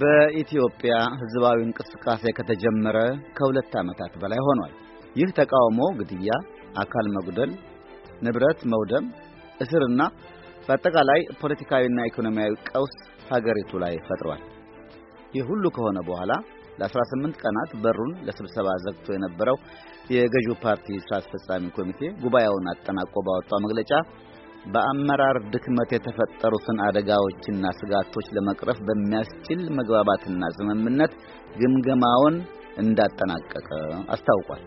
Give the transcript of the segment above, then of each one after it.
በኢትዮጵያ ሕዝባዊ እንቅስቃሴ ከተጀመረ ከሁለት ዓመታት በላይ ሆኗል። ይህ ተቃውሞ ግድያ፣ አካል መጉደል፣ ንብረት መውደም፣ እስርና በአጠቃላይ ፖለቲካዊና ኢኮኖሚያዊ ቀውስ ሀገሪቱ ላይ ፈጥሯል። ይህ ሁሉ ከሆነ በኋላ ለ18 ቀናት በሩን ለስብሰባ ዘግቶ የነበረው የገዢው ፓርቲ ስራ አስፈጻሚ ኮሚቴ ጉባኤውን አጠናቆ ባወጣው መግለጫ በአመራር ድክመት የተፈጠሩትን አደጋዎችና ስጋቶች ለመቅረፍ በሚያስችል መግባባትና ስምምነት ግምገማውን እንዳጠናቀቀ አስታውቋል።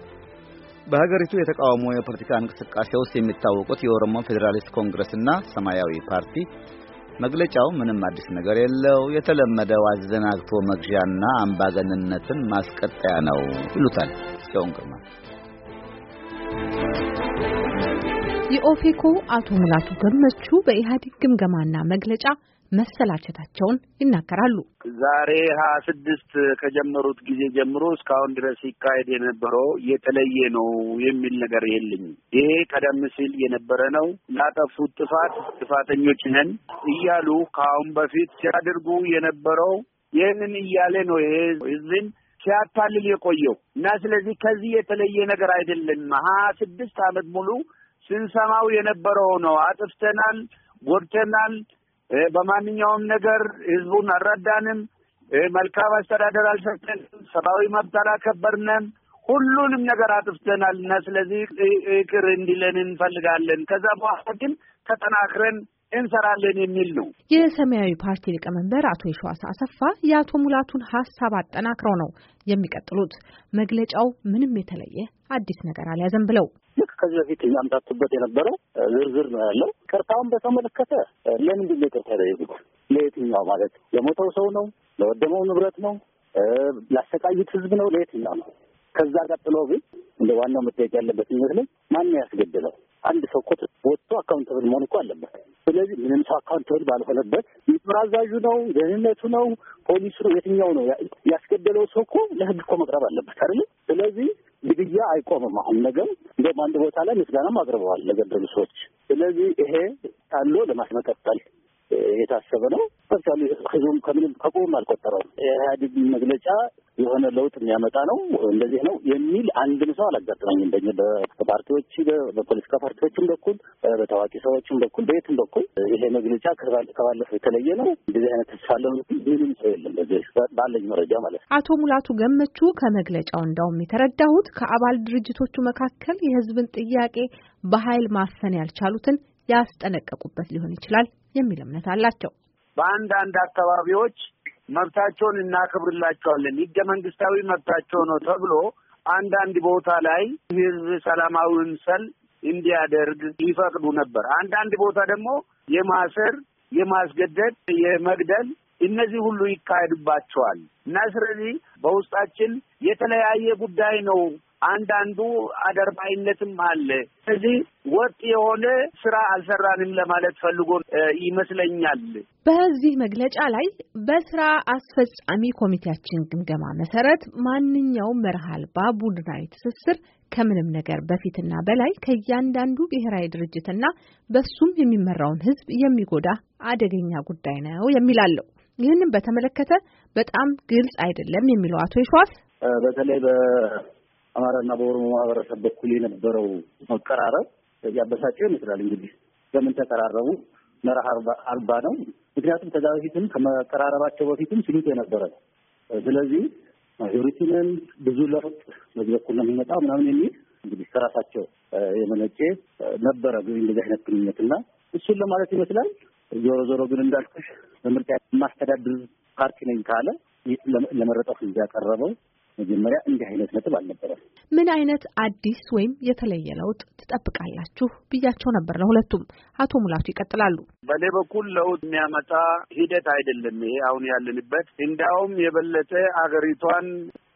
በሀገሪቱ የተቃውሞ የፖለቲካ እንቅስቃሴ ውስጥ የሚታወቁት የኦሮሞ ፌዴራሊስት ኮንግረስና ሰማያዊ ፓርቲ መግለጫው ምንም አዲስ ነገር የለው፣ የተለመደው አዘናግቶ መግዣና አምባገንነትን ማስቀጠያ ነው ይሉታል ሲሆን ግርማ የኦፌኮ አቶ ሙላቱ ገመቹ በኢህአዴግ ግምገማና መግለጫ መሰላቸታቸውን ይናገራሉ። ዛሬ ሀያ ስድስት ከጀመሩት ጊዜ ጀምሮ እስካሁን ድረስ ሲካሄድ የነበረው የተለየ ነው የሚል ነገር የለኝም። ይሄ ቀደም ሲል የነበረ ነው። ላጠፉት ጥፋት ጥፋተኞች ነን እያሉ ከአሁን በፊት ሲያደርጉ የነበረው ይህንን እያለ ነው ይሄ ህዝብን ሲያታልል የቆየው እና ስለዚህ ከዚህ የተለየ ነገር አይደለም። ሀያ ስድስት አመት ሙሉ ስንሰማው የነበረው ነው። አጥፍተናል፣ ጎድተናል፣ በማንኛውም ነገር ህዝቡን አልረዳንም፣ መልካም አስተዳደር አልሰጠንም፣ ሰብአዊ መብት አላከበርንም፣ ሁሉንም ነገር አጥፍተናል እና ስለዚህ ይቅር እንዲለን እንፈልጋለን። ከዛ በኋላ ግን ተጠናክረን እንሰራለን የሚል ነው። የሰማያዊ ፓርቲ ሊቀመንበር አቶ የሸዋስ አሰፋ የአቶ ሙላቱን ሀሳብ አጠናክረው ነው የሚቀጥሉት። መግለጫው ምንም የተለየ አዲስ ነገር አልያዘም ብለው ከዚህ በፊት ያምታቱበት የነበረው ዝርዝር ነው ያለው። ቅርታውን በተመለከተ ለምንድን ነው ይቅርታ የጠየቁት? ለየትኛው ማለት ለሞተው ሰው ነው? ለወደመው ንብረት ነው? ላሰቃዩት ህዝብ ነው? ለየትኛው ነው? ከዛ ቀጥሎ ግን እንደ ዋናው መጠየቅ ያለበት ይመስለኝ ማን ያስገድለው? አንድ ሰው እኮ ወጥቶ አካውንተብል መሆን እኮ አለበት። ስለዚህ ምንም ሰው አካውንተብል ባልሆነበት የጦር አዛዡ ነው፣ ደህንነቱ ነው፣ ፖሊሱ ነው፣ የትኛው ነው ያስገደለው ሰው እኮ ለህግ እኮ መቅረብ አለበት አይደል? ስለዚህ ግድያ አይቆምም። አሁን ነገም እንደውም አንድ ቦታ ላይ ምስጋናም አቅርበዋል ለገደሉ ሰዎች። ስለዚህ ይሄ ካለ ለማስመቀጠል የታሰበ ነው። ፐርቻሉ ህዝቡም ከምንም ከቆም አልቆጠረውም። የኢህአዴግ መግለጫ የሆነ ለውጥ የሚያመጣ ነው እንደዚህ ነው የሚል አንድም ሰው አላጋጠመኝም። በ በፓርቲዎች በፖለቲካ ፓርቲዎችም በኩል በታዋቂ ሰዎችም በኩል በየትም በኩል ይሄ መግለጫ ከባለፈው የተለየ ነው እንደዚህ አይነት ተስፋለ ምንም ሰው የለም። በዚህ ባለኝ መረጃ ማለት ነው። አቶ ሙላቱ ገመቹ ከመግለጫው እንዳውም የተረዳሁት ከአባል ድርጅቶቹ መካከል የህዝብን ጥያቄ በኃይል ማፈን ያልቻሉትን ያስጠነቀቁበት ሊሆን ይችላል የሚል እምነት አላቸው። በአንዳንድ አካባቢዎች መብታቸውን እናከብርላቸዋለን ህገ መንግስታዊ መብታቸው ነው ተብሎ አንዳንድ ቦታ ላይ ህዝብ ሰላማዊውን ሰልፍ እንዲያደርግ ይፈቅዱ ነበር። አንዳንድ ቦታ ደግሞ የማሰር የማስገደድ፣ የመግደል እነዚህ ሁሉ ይካሄድባቸዋል እና ስለዚህ በውስጣችን የተለያየ ጉዳይ ነው። አንዳንዱ አደርባይነትም አለ። ስለዚህ ወጥ የሆነ ስራ አልሰራንም ለማለት ፈልጎ ይመስለኛል። በዚህ መግለጫ ላይ በስራ አስፈጻሚ ኮሚቴያችን ግምገማ መሰረት ማንኛውም መርህ አልባ ቡድናዊ ትስስር ከምንም ነገር በፊትና በላይ ከእያንዳንዱ ብሔራዊ ድርጅትና በሱም የሚመራውን ሕዝብ የሚጎዳ አደገኛ ጉዳይ ነው የሚላለው ይህንን በተመለከተ በጣም ግልጽ አይደለም የሚለው አቶ ይሸዋስ በተለይ በአማራና በኦሮሞ ማህበረሰብ በኩል የነበረው መቀራረብ ያበሳጨው ይመስላል። እንግዲህ በምን ተቀራረቡ? መርህ አልባ ነው። ምክንያቱም ከዛ በፊትም ከመቀራረባቸው በፊትም ሲሉት የነበረ ነው። ስለዚህ ማጆሪቲንን ብዙ ለውጥ በዚህ በኩል ነው የሚመጣው ምናምን የሚል እንግዲህ ከራሳቸው የመነጨ ነበረ እንደዚህ አይነት ግንኙነት ግንኙነትና እሱን ለማለት ይመስላል። ዞሮ ዞሮ ግን እንዳልኩሽ በምርጫ የማስተዳድር ፓርቲ ነኝ ካለ ለመረጠው ህዝብ ያቀረበው መጀመሪያ እንዲህ አይነት ነጥብ አልነበረም። ምን አይነት አዲስ ወይም የተለየ ለውጥ ትጠብቃላችሁ ብያቸው ነበር ለሁለቱም። አቶ ሙላቱ ይቀጥላሉ። በእኔ በኩል ለውጥ የሚያመጣ ሂደት አይደለም ይሄ አሁን ያለንበት። እንዲያውም የበለጠ አገሪቷን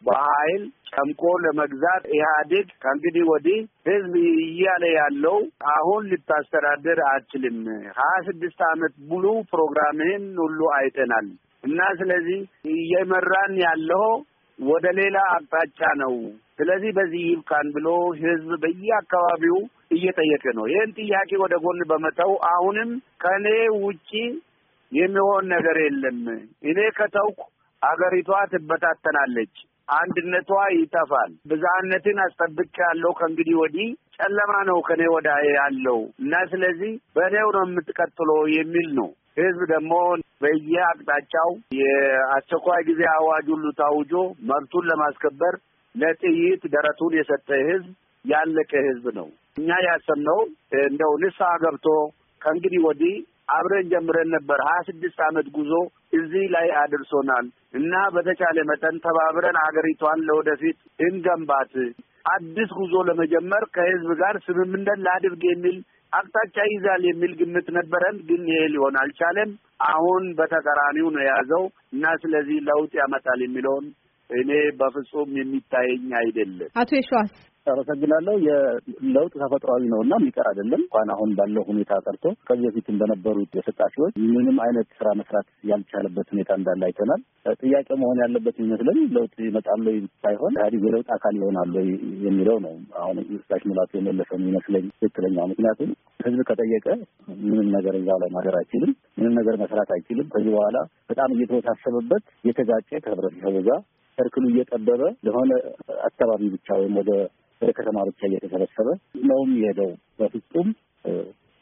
በኃይል ጨምቆ ለመግዛት ኢህአዴግ ከእንግዲህ ወዲህ ህዝብ እያለ ያለው አሁን ልታስተዳደር አትችልም፣ ሀያ ስድስት አመት ሙሉ ፕሮግራምህን ሁሉ አይተናል እና ስለዚህ እየመራን ያለው ወደ ሌላ አቅጣጫ ነው። ስለዚህ በዚህ ይብቃን ብሎ ህዝብ በየአካባቢው እየጠየቀ ነው። ይህን ጥያቄ ወደ ጎን በመተው አሁንም ከእኔ ውጪ የሚሆን ነገር የለም፣ እኔ ከተውኩ አገሪቷ ትበታተናለች፣ አንድነቷ ይጠፋል። ብዝሃነትን አስጠብቅ ያለው ከእንግዲህ ወዲህ ጨለማ ነው ከእኔ ወዳ ያለው እና ስለዚህ በእኔው ነው የምትቀጥሎ የሚል ነው። ህዝብ ደግሞ በየአቅጣጫው የአስቸኳይ ጊዜ አዋጅ ሁሉ ታውጆ መብቱን ለማስከበር ለጥይት ደረቱን የሰጠ ህዝብ ያለቀ ህዝብ ነው። እኛ ያሰብነው እንደው ንስሐ ገብቶ ከእንግዲህ ወዲህ አብረን ጀምረን ነበር። ሀያ ስድስት አመት ጉዞ እዚህ ላይ አድርሶናል እና በተቻለ መጠን ተባብረን አገሪቷን ለወደፊት እንገንባት፣ አዲስ ጉዞ ለመጀመር ከህዝብ ጋር ስምምነት ላድርግ የሚል አቅጣጫ ይዛል የሚል ግምት ነበረን፣ ግን ይሄ ሊሆን አልቻለም። አሁን በተቃራኒው ነው የያዘው እና ስለዚህ ለውጥ ያመጣል የሚለውን እኔ በፍጹም የሚታየኝ አይደለም። አቶ የሸዋስ አመሰግናለሁ። የለውጥ ተፈጥሯዊ ነው እና የሚቀር አይደለም። እንኳን አሁን ባለው ሁኔታ ቀርቶ ከዚህ በፊትም በነበሩት የስቃሴዎች ምንም አይነት ስራ መስራት ያልቻለበት ሁኔታ እንዳለ አይተናል። ጥያቄ መሆን ያለበት ይመስለን ለውጥ ይመጣሉ ሳይሆን ኢህአዲግ የለውጥ አካል ይሆናሉ የሚለው ነው። አሁን ስታሽ ሙላቱ የመለሰ ይመስለኝ ትክክለኛው። ምክንያቱም ህዝብ ከጠየቀ ምንም ነገር እዛው ላይ ማደር አይችልም። ምንም ነገር መስራት አይችልም። ከዚህ በኋላ በጣም እየተወሳሰበበት የተጋጨ ከህብረተሰቡ ጋር ሰርክሉ እየጠበበ ለሆነ አካባቢ ብቻ ወይም ወደ ወደ ከተማ ብቻ እየተሰበሰበ ነው የሄደው በፍጹም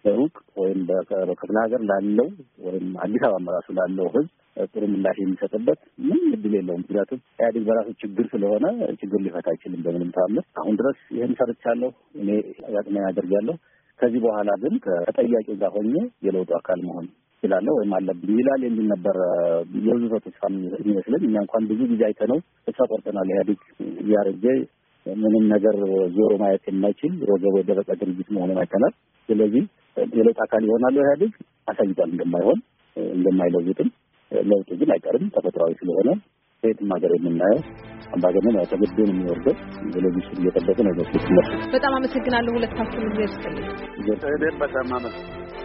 በሩቅ ወይም በክፍለ ሀገር ላለው ወይም አዲስ አበባ መራሱ ላለው ህዝብ ጥሩ ምላሽ የሚሰጥበት ምን እድል የለውም። ምክንያቱም ኢህአዴግ በራሱ ችግር ስለሆነ ችግር ሊፈታ አይችልም በምንም ታምር አሁን ድረስ ይህን ሰርቻለሁ እኔ ያቅሜ ያደርጋለሁ ከዚህ በኋላ ግን ከተጠያቂው ጋር ሆኜ የለውጡ አካል መሆን ይችላለሁ ወይም አለብኝ ይላል የሚል ነበር የብዙ ሰው ተስፋ የሚመስለኝ። እኛ እንኳን ብዙ ጊዜ አይተነው ተስፋ ቆርጠናል። ኢህአዴግ እያረጀ ምንም ነገር ዞሮ ማየት የማይችል ወገብ የደረቀ ድርጅት መሆኑን አይተናል። ስለዚህ የለውጥ አካል ይሆናል ኢህአዴግ አሳይቷል፣ እንደማይሆን እንደማይለውጥም። ለውጡ ግን አይቀርም ተፈጥሯዊ ስለሆነ ከየትም ሀገር የምናየው አምባገነን ያው ተገዶ ስለዚህ የሚወርደው። ሌሎች እየጠበቁ ነው። ሎች በጣም አመሰግናለሁ ሁለታችሁ ጊዜ ስጥ በጣም አመሰግናለሁ።